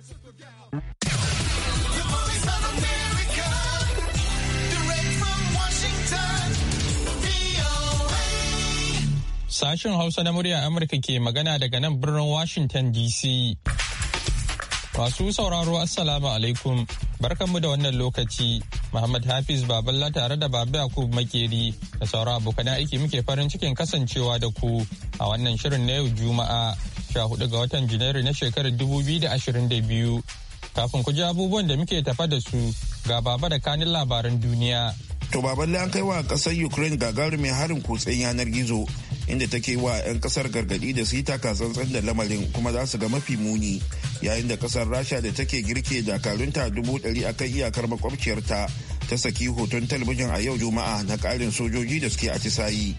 Sashen Hausa na murya Amurka ke magana daga nan birnin Washington DC. Masu sauraro Assalamu alaikum barkanmu da wannan lokaci Muhammad Hafiz Baballa tare da Babu Yakub Makeri da sauran abokan aiki muke farin cikin kasancewa da ku a wannan shirin na yau Juma'a 14 ga watan Janairu na shekarar 2022. Kafin ku ji abubuwan da muke tafa da su ga baba da kanin labaran duniya. To baballe an kai wa kasar Ukraine gagarumin harin kutsen yanar gizo inda take wa 'yan kasar gargadi da su yi takatsantsan da lamarin kuma za su ga mafi muni yayin da kasar rasha da take girke dakarunta dubu ɗari a kan iyakar makwabciyarta ta saki hoton talabijin a yau juma'a na ƙarin sojoji da suke atisayi.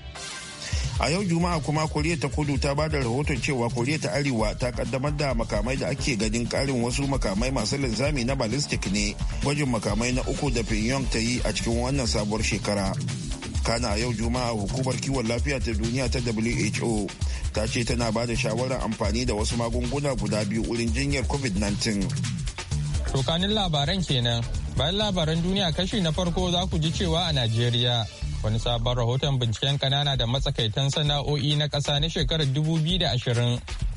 a yau juma'a kuma koriya ta kudu ta ba da rahoton cewa koriya ta arewa ta kaddamar da makamai da ake ganin karin wasu makamai masu linzami na ballistic ne gwajin makamai na uku da pyongyang ta yi a cikin wannan sabuwar shekara kana a yau juma'a hukumar kiwon lafiya ta duniya ta who ta ce tana ba da shawarar amfani da wasu magunguna guda biyu wurin jinyar covid-19 tokanin labaran kenan Bayan labaran duniya kashi na farko za ku ji cewa a Najeriya wani sabon rahoton binciken kanana da matsakaitan sana'o'i na ƙasa na shekarar 2020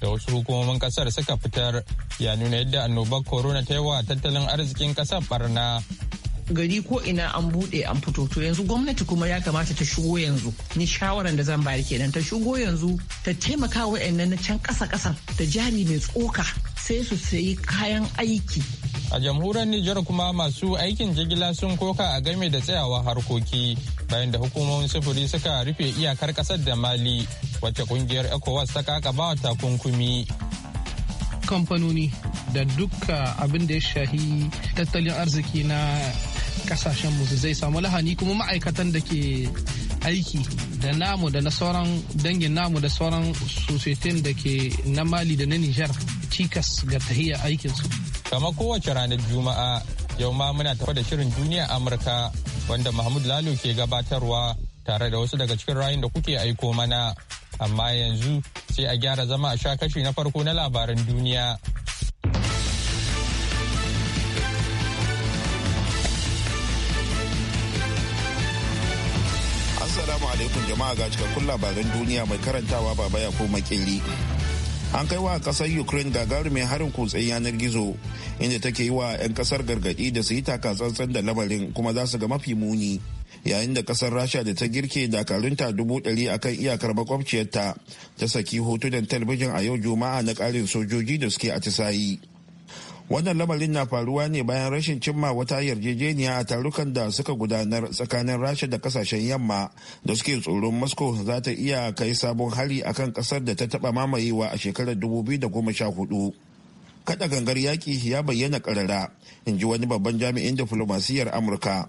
da wasu hukumomin ƙasar suka fitar ya nuna yadda annobar corona ta yi wa tattalin arzikin ƙasar barna gari ko ina an bude an fito to yanzu gwamnati kuma ya kamata ta shigo yanzu ni shawaran da zan bayar kenan ta shigo yanzu ta taimaka wa na can kasa kasa da jari mai tsoka sai su sayi kayan aiki a jamhuriyar Nijar kuma masu aikin jigila sun koka a game da tsayawa harkoki bayan da hukumomin sufuri suka rufe iyakar kasar da mali wacce kungiyar ecowas ta kaka kakaba takunkumi kamfanoni da duka abin da ya shahi tattalin arziki na kasashenmu su zai samu lahani kuma ma'aikatan da ke aiki da namu da na sauran dangin namu da sauran sosaitin da ke na mali da na nijar cikas ga tahiyar aikinsu kama kowace ranar juma'a yau ma muna tafa da shirin duniya amurka wanda mahmud lalo ke gabatarwa tare da wasu daga cikin rayun da kuke aiko mana amma yanzu sai a gyara zama a sha kashi na farko na labaran duniya alaikum jama'a ga cikakkun labaran duniya mai karantawa ba ya ko makili An kai wa kasar Ukraine gagarumin harin kutsen yanar gizo inda take yi wa 'yan kasar gargadi da su yi takatsantsan da lamarin kuma za su ga mafi muni. Yayin da kasar Rasha da ta girke dakarunta dubu ɗari a kan iyakar makwabciyarta ta saki hotunan talabijin a yau Juma'a na ƙarin sojoji da suke atisayi. wannan lamarin na faruwa ne bayan rashin cimma wata yarjejeniya a tarukan da suka gudanar tsakanin rasha da kasashen yamma da suke tsoron moscow za ta iya kai sabon hari akan kasar da ta taba mamayewa a shekarar 2014 kada gangar yaƙi ya bayyana karara in ji wani babban jami'in diflomasiyyar amurka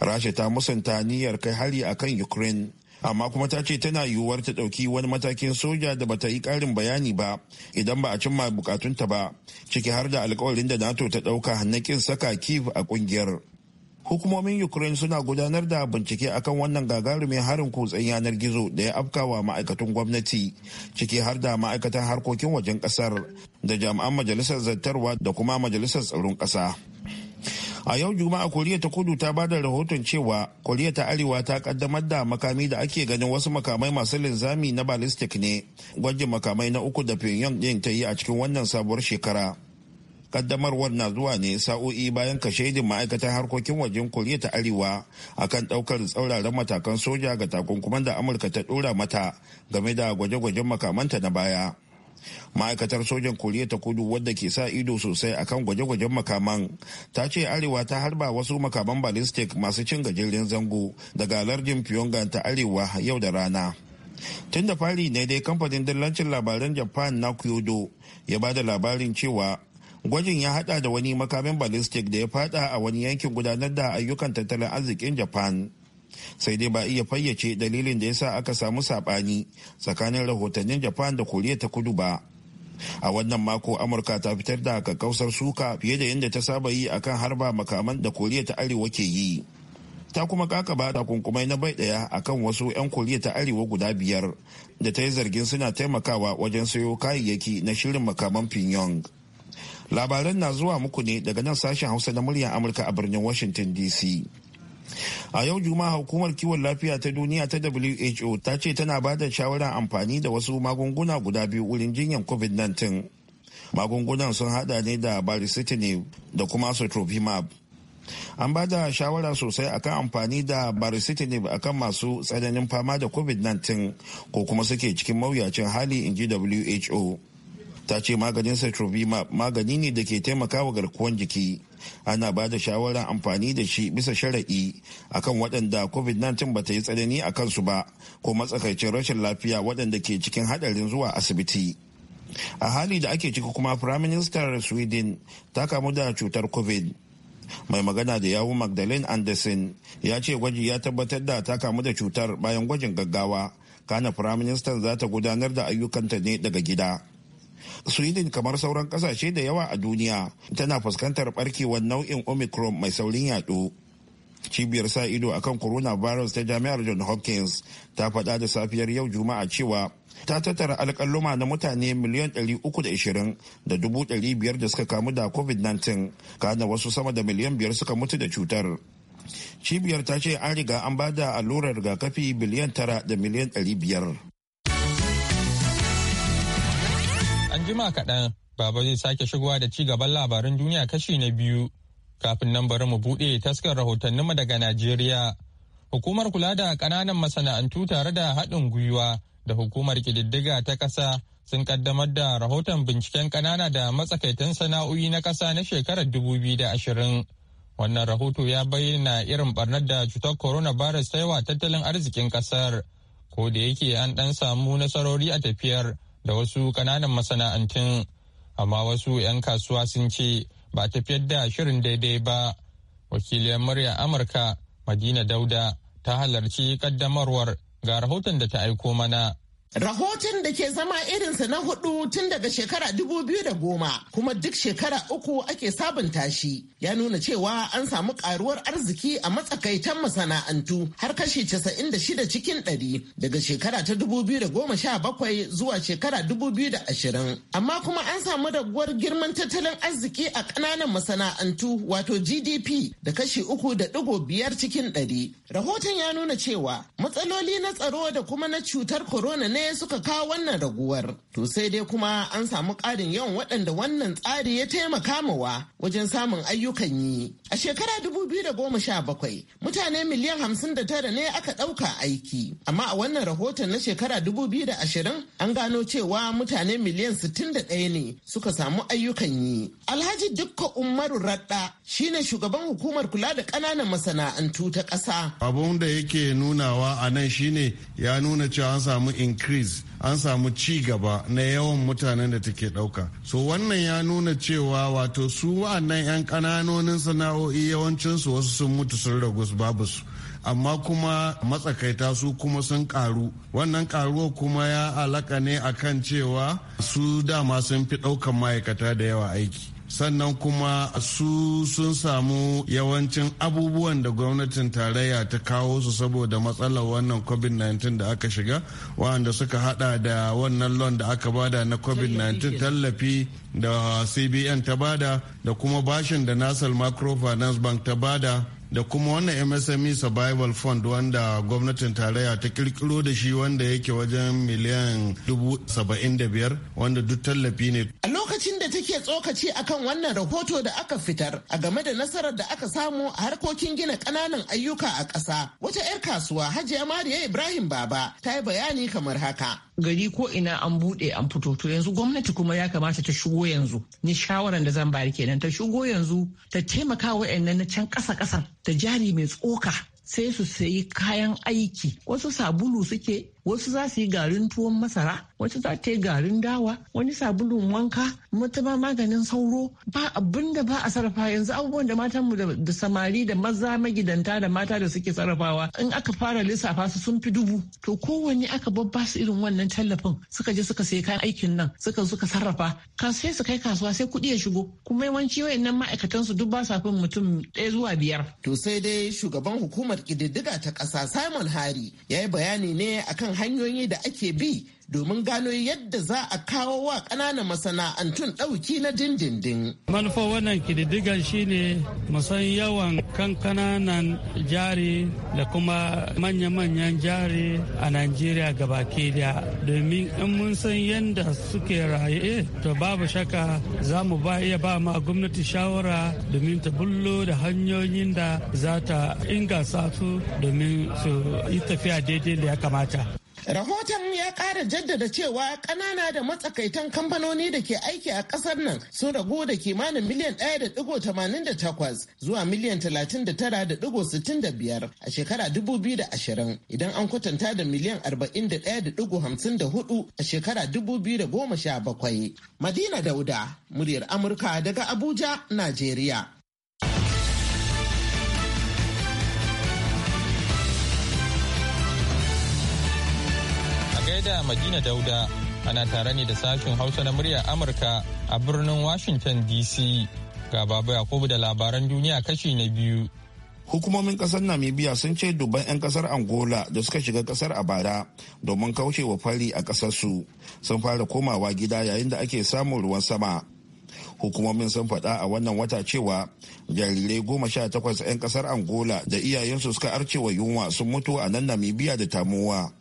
rasha ta musanta niyyar kai hari akan ukraine amma kuma ta ce tana yiwuwar ta ɗauki wani matakin soja da bata yi ƙarin bayani ba idan ba a cimma bukatunta ba ciki har da alkawarin da nato ta ɗauka na kin saka kiev a ƙungiyar hukumomin ukraine suna gudanar da bincike akan wannan gagarumin harin kutsen yanar gizo da ya afkawa ma'aikatan gwamnati ciki har da ma'aikatan harkokin wajen kasar da jami'an majalisar zartarwa da kuma majalisar tsaron ƙasa. a yau juma'a koriya ta kudu ta bada rahoton cewa koriya ta arewa ta kaddamar da makami da ake ganin wasu makamai masu linzami na ballistic ne gwajin makamai na uku da pyongyang din ta yi a cikin wannan sabuwar shekara kaddamarwar na zuwa ne sa'o'i bayan shaidin ma'aikatan harkokin wajen koriya ta arewa akan ɗaukar tsauraran matakan soja ga takunkuman da amurka ta ɗora mata game da gwaje-gwajen makamanta na baya ma'aikatar sojan koriya ta kudu wadda ke sa ido sosai akan gwaje-gwajen makaman ta ce arewa ta harba wasu makaman ballistic masu cin gajeren zango daga lardin pyongyang ta arewa yau da rana tun da fari ne dai kamfanin dillancin labaran japan na kyodo ya ba da labarin cewa gwajin ya hada da wani makamin ballistic da ya fada a wani yankin gudanar da ayyukan tattalin arzikin japan sai dai ba iya fayyace dalilin da ya sa aka samu saɓani tsakanin rahotannin japan da koriya ta kudu ba a wannan mako amurka ta fitar da kakkausar suka fiye da yadda ta saba yi akan harba makaman da koriya ta arewa ke yi ta kuma kaka kakaba kunkumai na bai daya akan wasu 'yan koriya ta arewa guda biyar da ta yi zargin suna taimakawa wajen sayo kayayyaki na shirin makaman pyongyang labaran na zuwa muku ne daga nan sashen hausa na muryar amurka a birnin washington dc a yau juma'a hukumar kiwon lafiya ta duniya ta who ta ce tana ba da shawarar amfani da wasu magunguna guda biyu wurin jinyar covid-19 magungunan sun hada ne da baricitinib da kuma sotrovimab an ba da shawara sosai akan amfani da baricitinib akan masu tsananin fama da covid-19 ko kuma suke cikin mawuyacin hali inji who ta ce maganin sotrovimab magani ne da ke taimakawa garkuwan jiki ana ba da shawarar amfani da shi bisa shara'i akan waɗanda covid-19 ba ta yi tsanani a kansu ba ko matsakaicin rashin lafiya waɗanda ke cikin haɗarin zuwa asibiti a hali da ake ciki kuma firaministan sweden ta kamu da cutar covid mai magana da yawun magdalene anderson ya ce gwaji ya tabbatar da ta kamu da cutar bayan gwajin gaggawa kana firaministan za ta gudanar da ayyukanta ne daga gida sweden kamar sauran kasashe da yawa a duniya tana fuskantar barkewar nau'in omicron mai saurin yaɗo cibiyar sa ido akan coronavirus ta jami'ar john hopkins ta faɗa da safiyar yau juma'a cewa ta tattara alƙalluma na mutane miliyan 320 da 500 da suka kamu da covid-19 kana wasu sama da miliyan biyar suka mutu da cutar cibiyar ta ce an riga an ba da allurar rigakafi biliyan tara da miliyan 500 An jima kaɗan, Baba zai sake shigowa da ci gaban labarin duniya kashi na biyu. Kafin nan bari mu buɗe taskar rahotanninmu daga Najeriya. Hukumar kula da ƙananan masana'antu tare da haɗin gwiwa da hukumar ƙididdiga ta ƙasa sun ƙaddamar da rahoton binciken ƙanana da matsakaitan sana'o'i na ƙasa na shekarar dubu biyu da ashirin. Wannan rahoto ya bayyana irin barnar da cutar coronavirus ta yi wa tattalin arzikin ƙasar. Ko da yake an ɗan samu nasarori a tafiyar, da wasu kananan masana'antun amma wasu 'yan kasuwa sun ce ba tafiyar da shirin daidai ba wakiliyar murya amurka madina dauda ta halarci kaddamarwar ga rahoton da ta aiko mana Rahoton da ke zama irinsa na hudu tun daga shekara dubu biyu da goma kuma duk shekara uku ake sabunta shi ya nuna cewa an samu karuwar arziki a matsakaitan masana'antu har kashi casa'in da shida cikin ɗari daga shekara ta dubu biyu da goma sha bakwai zuwa shekara dubu biyu da ashirin. Amma kuma an samu raguwar girman tattalin arziki a ƙananan masana'antu wato GDP da kashi uku da ɗigo biyar cikin ɗari. Rahoton ya nuna cewa matsaloli na tsaro da kuma na cutar corona ne suka kawo wannan raguwar. To sai dai kuma an samu ƙarin yawan waɗanda wannan tsari ya taimaka mawa wajen samun ayyukan yi. A shekara 2017 mutane miliyan 59 ne aka ɗauka aiki. Amma a wannan rahoton na shekara 2020 an gano cewa mutane miliyan 61 ne suka samu ayyukan yi. Alhaji Dukka Umaru Radda shine shugaban hukumar kula da ƙananan masana'antu ta ƙasa. Abun da yake nunawa a nan shine ya nuna cewa an samu increase an samu ci gaba na yawan mutanen da take ɗauka so wannan ya nuna cewa wato su wa'annan 'yan kananonin sana'o'i yawancinsu wasu sun mutu sun ragu babu su amma kuma matsakaita su kuma sun karu wannan karuwa kuma ya alaka ne akan cewa su dama sun fi ɗaukan ma'aikata da yawa aiki sannan kuma su sun samu yawancin abubuwan da gwamnatin tarayya ta kawo su saboda matsalar wannan covid-19 da aka shiga wanda suka hada da wannan loan da aka bada na covid-19 tallafi da cbn ta bada da kuma bashin da nasal microfinance bank ta bada da kuma wannan msme survival fund wanda gwamnatin tarayya ta kirkiro da shi wanda yake wajen miliyan da biyar wanda duk tallafi ne a lokacin da take tsokaci akan wannan rahoto da aka fitar a game da nasarar da aka samu a harkokin gina ƙananan ayyuka a ƙasa wata 'yar kasuwa hajiya mariya ibrahim baba ta yi bayani kamar haka gari ko ina an buɗe an fito to yanzu gwamnati kuma ya kamata ta shigo yanzu ni shawaran da zan bari kenan ta shigo yanzu ta taimaka wa'annan na can ƙasa ƙasan da jari mai tsoka sai su sayi kayan aiki wasu sabulu suke wasu za su yi garin tuwon masara wasu za ta yi garin dawa wani sabulun wanka mata ma maganin sauro ba abinda ba a sarrafa yanzu abubuwan da matan mu da samari da maza magidanta da mata da suke sarrafawa in aka fara lissafa su sun fi dubu to kowanne aka babba su irin wannan tallafin suka je suka sayi kayan aikin nan suka suka sarrafa ka sai su kai kasuwa sai kuɗi ya shigo kuma yawanci wayannan ma'aikatan su duk ba sa fin mutum ɗaya zuwa biyar to sai dai shugaban hukumar hukumar ƙididdiga ta ƙasa Simon Hari ya yi bayani ne akan hanyoyi da ake bi domin gano yadda za a kawo wa ƙananan masana'antun ɗauki na dindindin. Manufar wannan kididdigan shine musan yawan kan ƙananan jari da kuma manya-manyan jari a Najeriya gabaki da domin in mun san yadda suke raye to babu shaka za mu ba iya ba ma gwamnati shawara domin ta bullo da hanyoyin da za ta inga su domin su yi tafiya daidai da ya kamata. Rahoton ya ƙara jaddada cewa ƙanana da matsakaitan kamfanoni da ke aiki a ƙasar nan sun ragu da kimanin miliyan 1.88 zuwa miliyan 39.65 a shekara 2020 idan an kwatanta da miliyan 41.54 a shekara 2017. Madina Dauda, muryar Amurka daga Abuja, Najeriya. da Madina Dauda ana tare ne da sashen Hausa na murya Amurka a birnin Washington DC. Ga Baba Yakubu da labaran duniya kashi na biyu. Hukumomin kasar Namibia sun ce dubban 'yan kasar Angola da suka shiga kasar a bara domin wa fari a kasarsu sun fara komawa gida yayin da ake samun ruwan sama. hukumomin sun faɗa a wannan wata cewa jarirai goma sha takwas 'yan kasar angola da iyayensu suka arcewa yunwa sun mutu a nan namibia da tamuwa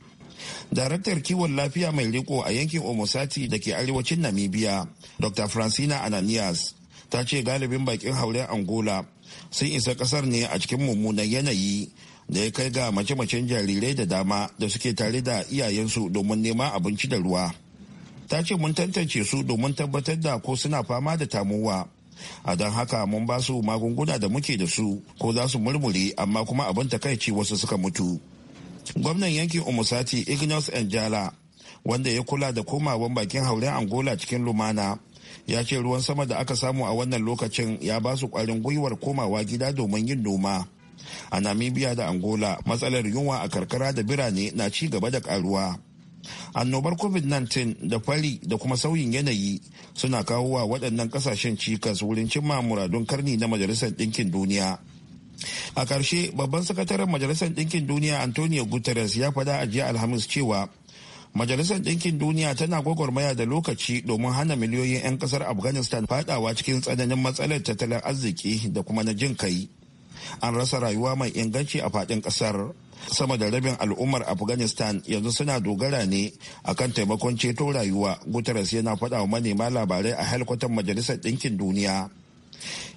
daraktar kiwon lafiya mai riko a yankin omosati da ke arewacin namibia dr francina ananias ta ce galibin bakin hauren angola sun isa kasar ne a cikin mummunan yanayi da ya kai ga mace-macen jarirai da dama da suke tare da iyayensu domin nema abinci da ruwa ta ce mun tantance su domin tabbatar da ko suna fama da tamuwa a don haka mun ba su magunguna da muke da su ko za su murmure amma kuma abin takaici wasu suka mutu gwamnan yankin umusati ignos enjala wanda ya kula da komawan bakin hauren angola cikin lumana ya ce ruwan sama da aka samu a wannan lokacin ya ba su kwarin gwiwar komawa gida domin yin noma a namibia da angola matsalar yunwa a karkara da birane na ci gaba da karuwa annobar covid-19 da fari da kuma sauyin yanayi suna kawo wa waɗannan ƙasashen cikas wurin cimma muradun karni na majalisar ɗinkin duniya a ƙarshe babban sakataren majalisar ɗinkin duniya antonio guterres ya faɗa a jiya alhamis cewa majalisar ɗinkin duniya tana gwagwarmaya da lokaci domin hana miliyoyin 'yan ƙasar afghanistan faɗawa cikin tsananin matsalar tattalin arziki da kuma na jin kai an rasa rayuwa mai inganci a faɗin ƙasar sama da rabin al'ummar afghanistan yanzu suna dogara ne akan taimakon ceto rayuwa guterres yana faɗa manema labarai a helkwatar majalisar ɗinkin duniya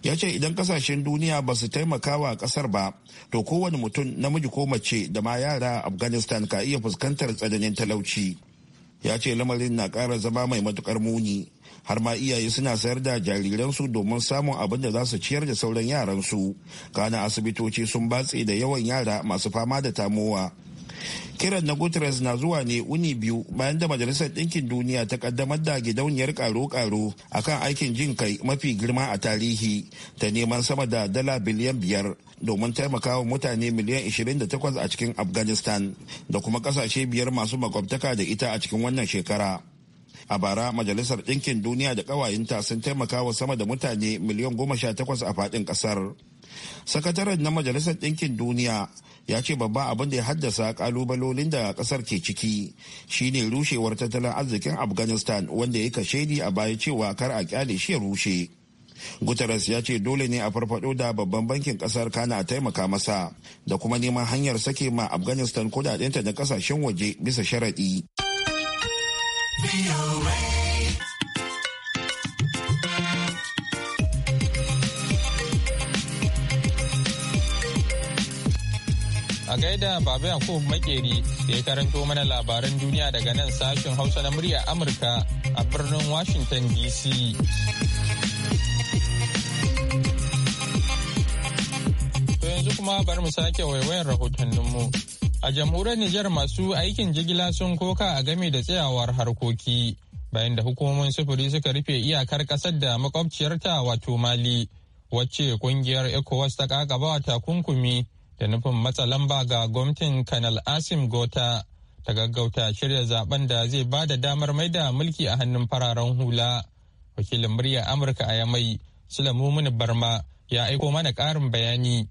ya ce idan kasashen duniya ba su taimaka wa kasar ba to kowane mutum namiji ko mace da ma yara afghanistan ka iya fuskantar tsananin talauci ya ce lamarin na ƙara zama mai matukar muni har ma iyaye suna sayar da jariransu domin samun abin da za su ciyar da sauran yaransu kana asibitoci sun batse da yawan yara masu fama da tamowa kiran na guterres na zuwa ne uni biyu bayan da majalisar ɗinkin duniya ta kaddamar da gidauniyar karo-karo kan aikin jin kai mafi girma a tarihi ta neman sama da dala biliyan biyar domin taimakawa mutane miliyan 28 a cikin afghanistan da kuma kasashe biyar masu makwabtaka da ita a cikin wannan shekara a bara majalisar ɗinkin duniya da ƙawayenta sun taimakawa sama da mutane miliyan goma sha takwas a faɗin ƙasar sakataren na majalisar ɗinkin duniya ya ce babban abin da ya haddasa kalubalolin da kasar ke ciki shine rushewar tattalin arzikin afghanistan wanda ya kashedi a baya cewa kar a kyale shi ya rushe guterres ya ce dole ne a farfado da babban bankin kasar kana taimaka masa da kuma neman hanyar sake ma afghanistan kudadenta na kasashen waje bisa sharaɗi. A gaida Baba Yakubu Makeri da ya karanto mana labaran duniya daga nan sashen Hausa na murya Amurka a birnin Washington DC. To yanzu kuma bari mu sake waiwayar rahotanninmu. A jamhuriyar Nijar masu aikin jigila sun koka a game da tsayawar harkoki bayan da hukumomin sufuri suka rufe iyakar kasar da makwabciyarta wato Mali. wacce kungiyar ECOWAS ta kakaba takunkumi da nufin matsa lamba ga gwamnatin kanal asim gota ta gaggauta shirya zaben da zai ba da damar mai da mulki a hannun fararen hula wakilin murya amurka a yamai sulamu mini barma ya aiko mana karin bayani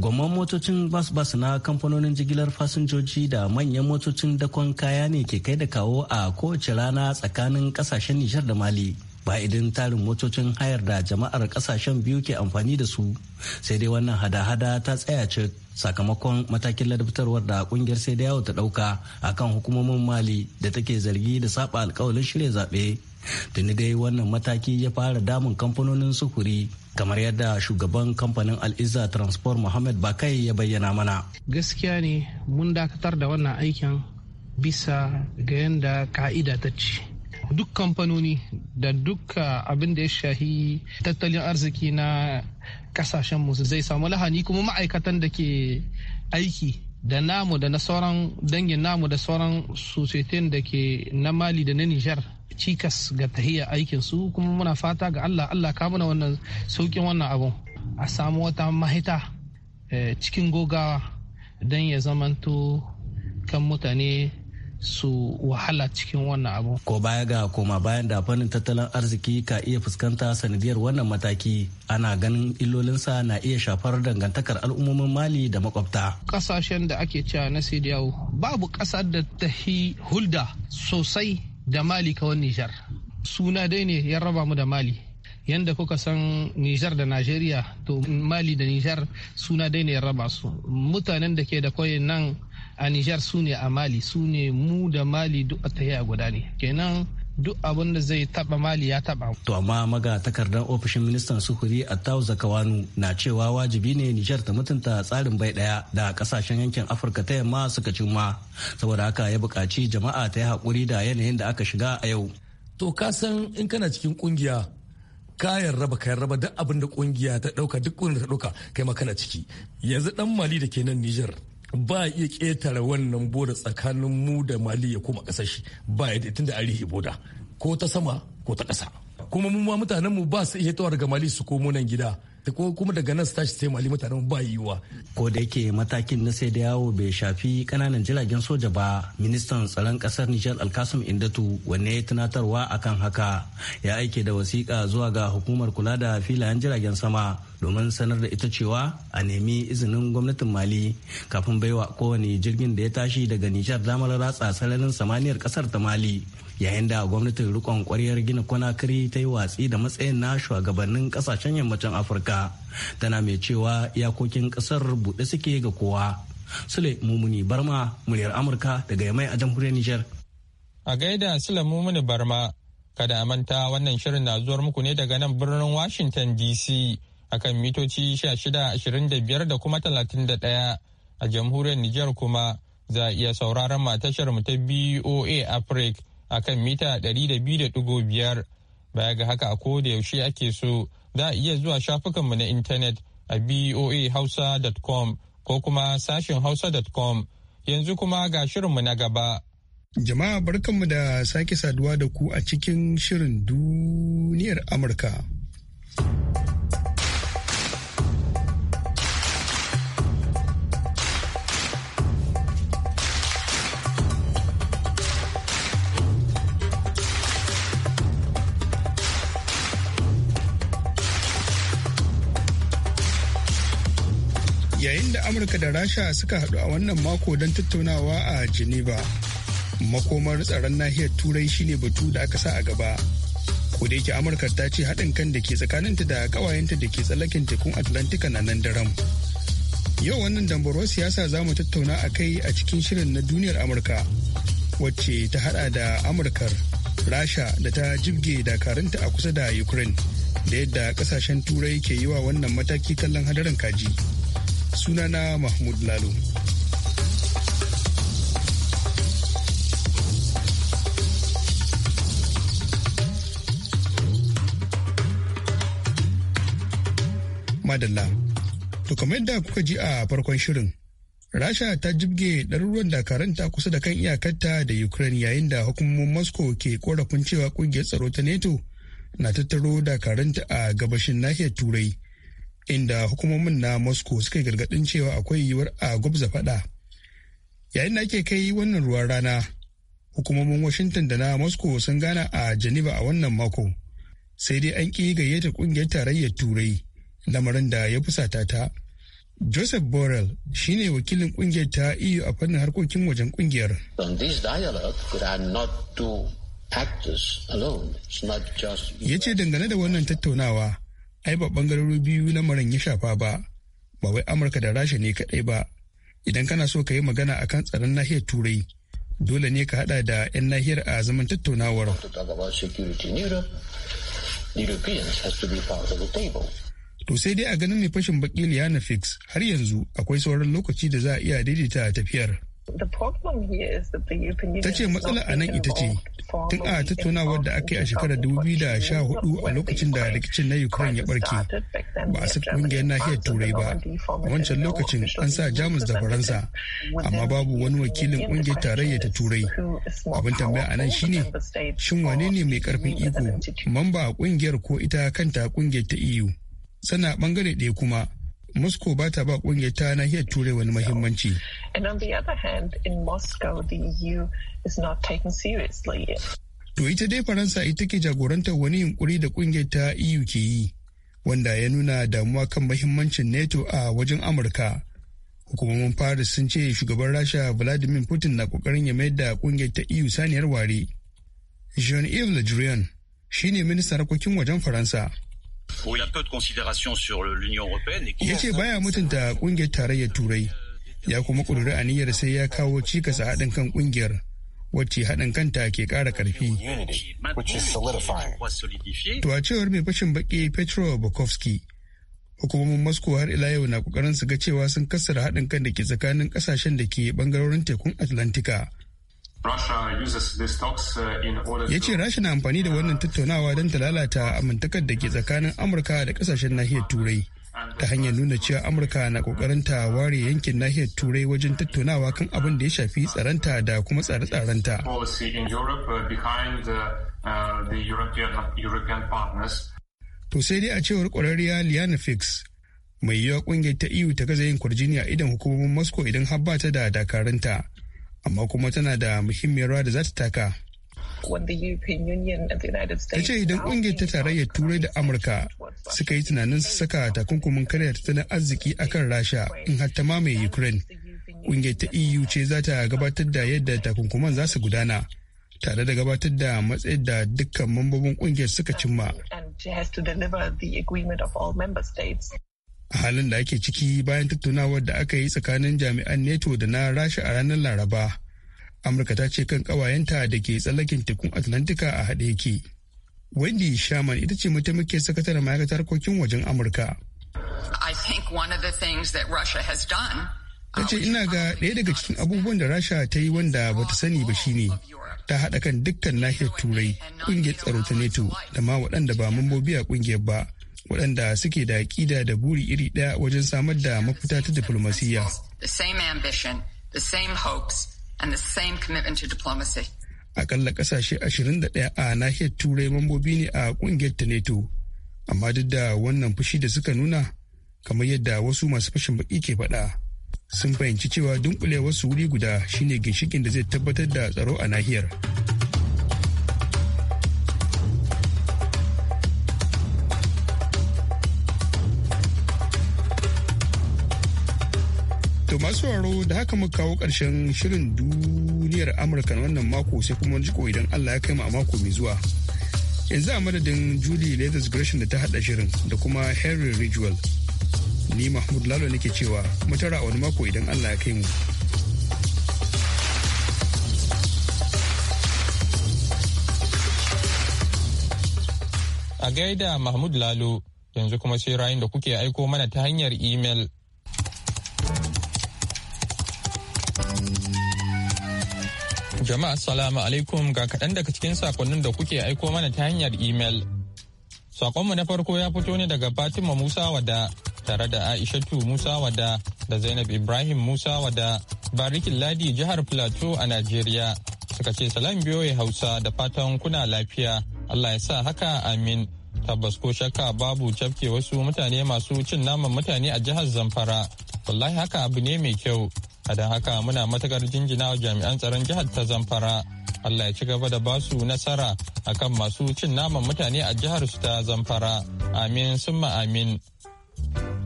Gwamman motocin bas-bas na kamfanonin jigilar fasinjoji da manyan motocin dakon kaya ne ke kai da kawo a kowace rana tsakanin kasashen Nijar da Mali. ba idan tarin motocin hayar da jama'ar kasashen biyu ke amfani da su sai dai wannan hada-hada ta tsaya ce sakamakon matakin ladabtarwar da kungiyar sai da yawo ta dauka akan hukumomin mali da take zargi da saba alkawalin shirya zaɓe tuni dai wannan mataki ya fara damun kamfanonin sufuri kamar yadda shugaban kamfanin al'izza transport muhammad bakai ya bayyana mana gaskiya ne mun dakatar da wannan aikin bisa ga yadda ka'ida ta ce duk kamfanoni da duk abin da ya shahi tattalin arziki na kasashen musu zai samu lahani kuma ma'aikatan da ke aiki da namu da na sauran dangin namu da sauran societin da ke na mali da na nijar cikas ga tahiyar aikin su kuma muna fata ga allah allah ka wannan saukin wannan abu a samu wata mahita eh, cikin gogawa don ya zamanto kan mutane su wahala cikin wannan abu. Ko baya ga koma bayan da fannin tattalin arziki ka iya fuskanta sanadiyar wannan mataki ana ganin illolinsa na iya shafar dangantakar al'ummomin Mali da makwabta. Kasashen da ake cewa na Sidiyawu babu kasar da ta hulda sosai da Mali kawai Nijar. Suna dai ne ya raba mu da Mali. yanda kuka san Nijar da Najeriya to Mali da Nijar suna dai ne raba su mutanen da ke da kwayoyin nan a Nijar su ne a Mali su ne mu da Mali duk ta yi guda ne kenan duk abin da zai taba mali ya taba. To amma maga takardar ofishin ministan sufuri tau Zakawanu na cewa wajibi ne Nijar ta mutunta tsarin bai daya da kasashen yankin Afirka ta yamma suka cimma saboda haka ya buƙaci jama'a ta yi haƙuri da yanayin da aka shiga a yau. To ka san in kana cikin kungiya kayan raba kayan raba duk abin da kungiya ta dauka duk wanda ta dauka kai ma kana ciki yanzu dan mali da ke nan Nijar ba iya ƙetare wannan boda tsakanin mu da mali ya koma ƙasar shi ba ya tun da arihi boda ko ta sama ko ta ƙasa kuma mu ma mutanen mu ba su iya tawar daga mali su komo nan gida ta ko kuma daga nan su tashi sai mali mutanen ba yiwuwa. Ko da yake matakin na sai da yawo bai shafi kananan jiragen soja ba ministan tsaron kasar Nijar Alkasum Indatu wanne ya tunatarwa akan haka ya aike da wasiƙa zuwa ga hukumar kula da filayen jiragen sama domin sanar da ita cewa a nemi izinin gwamnatin Mali kafin baiwa kowane jirgin da ya tashi daga Nijar damar ratsa sararin samaniyar kasar ta Mali. yayin da gwamnatin rikon kwaryar gina konakiri ta yi watsi da matsayin na shugabannin kasashen yammacin afirka tana mai cewa iyakokin kasar buɗe suke ga kowa sule mumuni barma muryar amurka daga yamai a jamhuriyar nijar a gaida sule mumuni barma kada a manta wannan shirin na zuwar muku ne daga nan birnin washington dc akan mitoci 1625 da kuma 31 a jamhuriyar nijar kuma za a iya sauraron matashar mu ta boa africa a kan mita 200.5 baya ga haka a da yaushe ake so za a iya zuwa shafukanmu na intanet a boahausa.com ko kuma sashin hausa.com yanzu kuma ga shirinmu na gaba. Jama'a barkanmu da sake saduwa da ku a cikin shirin duniyar Amurka. da amurka da rasha suka haɗu a wannan mako don tattaunawa a geneva makomar tsaron nahiyar turai shine batu da aka sa a gaba ko da yake amurka ta ce haɗin kan da ke tsakaninta da ƙawayenta da ke tsallakin tekun atlantika na nan daram yau wannan dambarwar siyasa za mu tattauna a kai a cikin shirin na duniyar amurka wacce ta haɗa da amurkar rasha da ta jibge dakarunta a kusa da ukraine da yadda ƙasashen turai ke yi wa wannan mataki kallon hadarin kaji. sunana mahmud lalo madalla to kamar yadda kuka ji a farkon shirin rasha ta jibge ɗaruruwan dakaranta kusa da kan iyakarta da ukraine yayin da hukumomin moscow ke korafin cewa ƙungiyar tsaro ta nato na tattaro dakaranta a gabashin nahiyar turai inda hukumomin na moscow suka yi gargadin cewa akwai yiwuwar a gwabza fada yayin da ake kai wannan ruwan rana hukumomin washington da na moscow sun gana a geneva a wannan mako sai dai an ƙi gayyata ƙungiyar tarayyar turai lamarin da ya fusata ta joseph borrell shine wakilin ƙungiyar ta eu a fannin harkokin wajen ƙungiyar ya ce dangane da wannan tattaunawa ai ba bangarori biyu lamarin ya shafa ba ba wai amurka da rasha ne kadai ba idan kana so ka yi magana akan tsaron nahiyar turai dole ne ka hada da 'yan nahiyar a zaman tattaunawar to sai dai a ganin ne fashin baƙi liana fix har yanzu akwai sauran lokaci da za a iya daidaita tafiyar ta ce matsala a nan ita ce tun a tattaunawar da aka yi a shekarar 2014 a lokacin da rikicin na ukraine ya barke ba a saka ƙungiyar nahiyar turai ba a wancan lokacin an sa jamus da faransa amma babu wani wakilin kungiyar tarayya ta turai abin tambaya a nan shine shin wane ne mai karfin iko mamba a ƙungiyar ko ita kanta kungiyar ta eu sana bangare ɗaya kuma Moscow ba ta ba kungiyar ta nahiyar Turai wani mahimmanci. E to ita dai Faransa ita ke jagorantar wani yunkuri da kungiyar ta EU ke yi, wanda ya nuna damuwa kan mahimmancin NATO a wajen Amurka. Hukumomin Paris sun ce shugaban Rasha Vladimir Putin na kokarin ya mayar da kungiyar ta EU saniyar ware. Jean-Yves Le Drian shi ne ministan harkokin wajen Faransa. Bon, il a Ya ce baya mutunta kungiyar tarayyar Turai, ya kuma kudura aniyar sai ya kawo cikas a haɗin kan kungiyar. wacce haɗin kanta ke ƙara ƙarfi. To a cewar mai fashin baƙi Petro Bukowski, hukumomin Moscow har ila yau na ƙoƙarin su ga cewa sun kassara haɗin kan da ke tsakanin ƙasashen da ke ɓangarorin tekun Atlantika. Uh, ya ce rasha na amfani da wannan tattaunawa don ta lalata amintakar da ke tsakanin amurka da kasashen nahiyar turai ta hanyar nuna cewa amurka na kokarin ta ware yankin nahiyar turai wajen tattaunawa kan abin da ya shafi tsaranta da kuma tsare-tsarenta uh, uh, to sai dai a cewar kwararriya liana fix mai yiwuwa kungiyar ta eu ta gaza yin kwarjiniya a idan hukumomin moscow idan har ta da dakarunta amma kuma tana da muhimmiyar rawa da za ta taka ta ce idan ƙungiyar ta tarayyar turai da amurka suka yi tunanin su saka takunkumin karya tattalin arziki akan rasha in har ta mamaye ukraine ƙungiyar ta eu e ce za ta gabatar da yadda takunkuman za su gudana tare da gabatar da matsayin da dukkan mambobin ƙungiyar suka cimma a halin da ake ciki bayan tattaunawar da aka yi tsakanin jami'an neto da na rasha a ranar laraba amurka ta ce kan kawayenta da ke tsallakin tekun atlantika a haɗe yake wendy shaman ita ce mataimakin sakataren ma'aikatar harkokin wajen amurka uh, ta ce ina ga ɗaya daga cikin abubuwan da rasha ta yi wanda bata sani ba shine ta haɗa kan dukkan nahiyar turai ƙungiyar tsaro ta neto da ma waɗanda ba mambobi a ƙungiyar ba waɗanda suke da ƙida da buri iri ɗaya wajen samar da mafita ta diflomasiyya. Akalla ƙasashe da ɗaya a nahiyar Turai mambobi ne a ƙungiyar ta NATO, amma duk da wannan fushi da suka nuna, kamar yadda wasu masu fashin baki ke faɗa, sun fahimci cewa dunkulewar wasu wuri guda shine ginshikin da zai tabbatar da tsaro a nahiyar. sauraro da haka muka kawo ƙarshen shirin duniyar Amurka na wannan mako sai kuma jiko idan Allah ya kai mu a mako mai zuwa. Yanzu a madadin Julie Leathers Gresham da ta hada shirin da kuma Henry Ridgewell. Ni Mahmud Lalo nake cewa mu a wani mako idan Allah ya kai mu. A gaida Mahmud Lalo yanzu kuma sai ra'ayin da kuke aiko mana ta hanyar imel. Jama'a salamu alaikum ga kaɗan daga cikin sakonnin da kuke aiko mana ta hanyar imel. Sakonmu na farko ya fito ne daga Fatima Musa Wada tare da Aishatu Musa Wada da Zainab Ibrahim Musa Wada Barikin Ladi jihar Plateau a Najeriya. Suka ce salam biyoyi Hausa da fatan kuna lafiya. Allah ya sa haka amin. Tabbas ko shakka babu cafke wasu mutane masu cin naman mutane a jihar Zamfara. Wallahi haka abu ne mai kyau. a don haka muna matakar jinjina wa jami'an tsaron jihar ta zamfara allah ya ci gaba da ba su nasara kan masu cin naman mutane a jihar su ta zamfara amin summa amin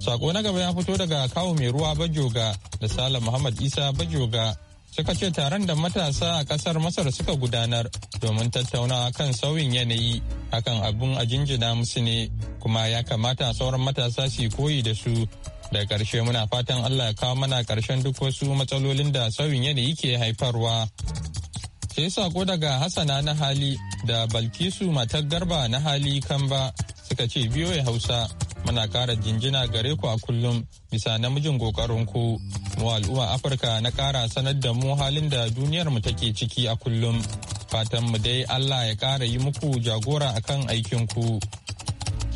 sako na gaba ya fito daga kawo mai ruwa bajoga da salam muhammad isa bajoga suka ce taron da matasa a kasar masar suka gudanar domin tattaunawa kan sauyin yanayi hakan abun a jinjina musu ne kuma ya kamata sauran matasa su koyi da su da ƙarshe muna fatan allah ya kawo mana ƙarshen duk wasu matsalolin da sauyin yanayi ke haifarwa sai sako daga hassana na hali da balkisu matar garba na hali kamba suka ce biyo hausa muna kara jinjina gare ku a kullum bisa namijin ku mu al'umma afirka na kara sanar da mu halin da duniyar mu take ciki a kullum fatan mu dai allah ya kara yi muku jagora akan aikin ku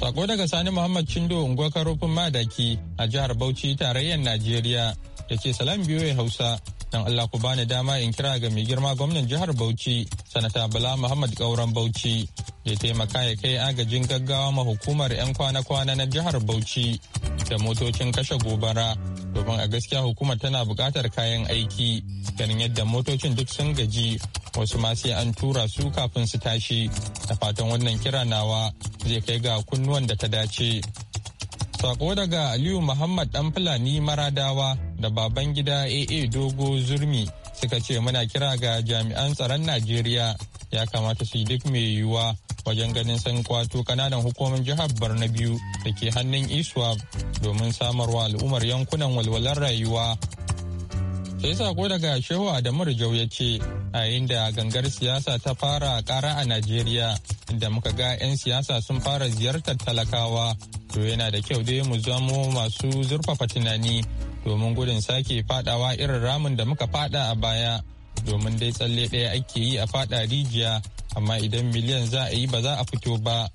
sako daga sani muhammad chindo unguwar karofin madaki a jihar bauchi tarayyar najeriya da ke salam ya hausa don Allah ku bani dama in kira ga mai girma gwamnan jihar Bauchi sanata Bala Muhammad Gauran Bauchi ya taimaka ya kai agajin gaggawa ma hukumar 'yan kwana-kwana na jihar Bauchi da motocin kashe gobara domin a gaskiya hukumar tana buƙatar kayan aiki ganin yadda motocin duk sun gaji wasu ma sai an tura su kafin su tashi da fatan wannan kira nawa zai kai ga kunnuwan da ta dace Sako daga Aliyu Muhammad ɗan Fulani Maradawa da baban gida AA Dogo Zurmi suka ce muna kira ga jami'an tsaron Najeriya ya kamata su duk mai yiwuwa wajen ganin san kwato kananan hukumar jihar Borno biyu da ke hannun Iswap domin samarwa al'ummar yankunan walwalar rayuwa. Sai sako daga Shehu Adamu Rijau ya ce a yayin da gangar siyasa ta fara kara a Najeriya da muka ga 'yan siyasa sun fara ziyartar talakawa to yana da kyau dai mu zamo masu zurfafa tunani domin gudun sake fadawa irin ramin da muka fada a baya domin dai tsalle ɗaya ake yi a fada rijiya amma idan miliyan za a yi ba za a fito ba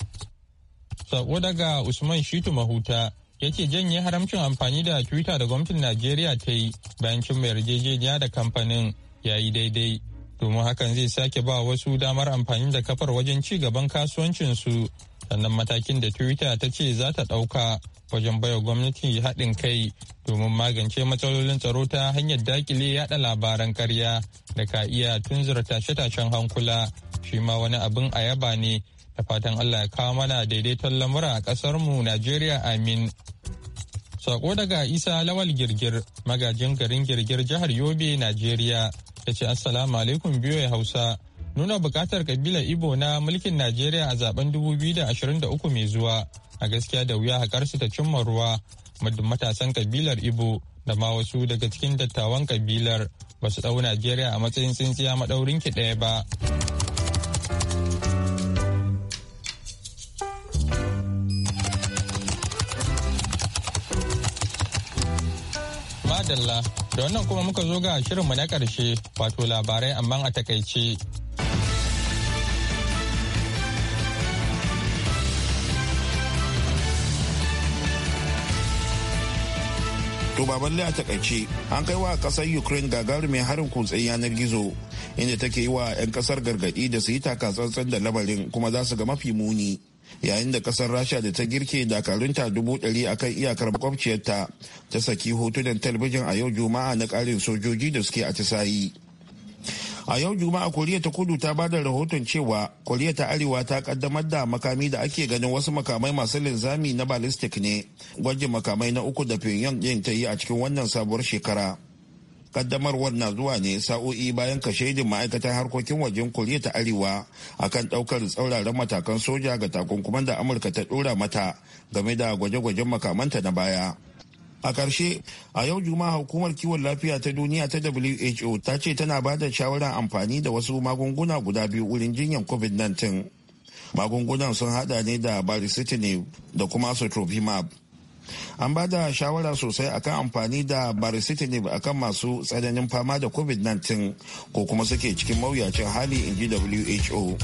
sako daga usman shitu mahuta ya janye haramcin amfani da twitter da gwamnatin najeriya ta yi bayan cin mai yarjejeniya da kamfanin ya yi daidai domin hakan zai sake ba wasu damar amfani da kafar wajen ci gaban kasuwancinsu sannan matakin da twitter ta ce za ta ɗauka wajen baiwa gwamnati haɗin kai domin magance matsalolin tsaro ta hanyar dakile yaɗa labaran karya da ka iya tunzura tashe-tashen hankula shi ma wani abin a yaba ne da fatan allah ya kawo mana daidaiton lamura a ƙasar mu najeriya amin sako daga isa lawal girgir magajin garin girgir jihar yobe najeriya ya ce assalamu alaikum biyo hausa nuna bukatar kabilar ibo na mulkin najeriya a zaben 2023 mai zuwa a gaskiya da wuya haƙarsu ta cimma ruwa muddin matasan kabilar ibo da ma wasu daga cikin dattawan kabilar ba su ɗau najeriya a matsayin tsintsiya maɗaurin ki ɗaya ba madalla da wannan kuma muka zo ga shirinmu na ƙarshe wato labarai amma a takaice To balle a takaice an kai wa kasar Ukraine gagarumin harin kutsen yanar gizo inda take yi wa 'yan kasar gargadi da su yi takatsantsan da lamarin kuma za su ga mafi muni. Yayin da kasar Rasha da ta girke dakarunta dubu ɗari a kan iyakar makwabciyarta ta saki hotunan talabijin a yau Juma'a na ƙarin sojoji da suke atisayi. a yau juma'a koriya ta kudu ta bada rahoton cewa koriya ta arewa ta kaddamar da makami da ake ganin wasu makamai masu linzami na ballistic ne gwajin makamai na uku da pyongyang din ta yi a cikin wannan sabuwar shekara kaddamarwar na zuwa ne sa'o'i bayan ka shaidin ma'aikatan harkokin wajen koriya ta arewa akan daukar tsauraran matakan soja ga takunkuman da amurka ta dora mata game da gwaje-gwajen makamanta na baya A ƙarshe, a yau Juma'a hukumar kiwon lafiya ta duniya ta WHO ta ce tana ba da shawarar amfani da wasu magunguna guda biyu wurin jinyar COVID-19. Magungunan sun hada ne da baricitinib da kuma sotrovimab. An ba da shawara sosai akan amfani da baricitinib akan masu tsananin fama da COVID-19 ko kuma suke cikin mawuyacin hali in ji WHO.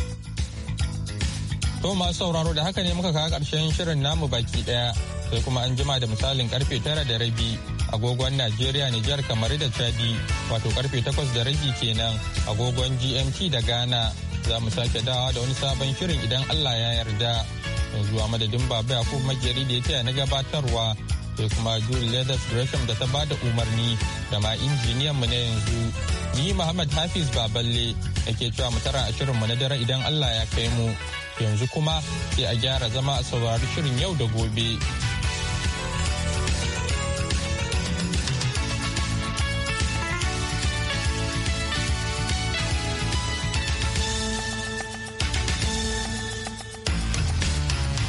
To masu sauraro da haka ne muka kawo karshen shirin namu baki daya. sai kuma an jima da misalin karfe tara da rabi agogon Najeriya Nijar kamar da Chadi wato karfe takwas da rabi kenan agogon GMT da Ghana za mu sake dawa da wani sabon shirin idan Allah ya yarda yanzu a madadin baba ya kuma magiyari da ya taya na gabatarwa sai kuma Julie Leathers Gresham da ta ba da umarni da ma injiniyan mu na yanzu ni Muhammad Hafiz Baballe yake cewa mu tara a shirin mu na dare idan Allah ya kai mu yanzu kuma sai a gyara zama a saurari shirin yau da gobe.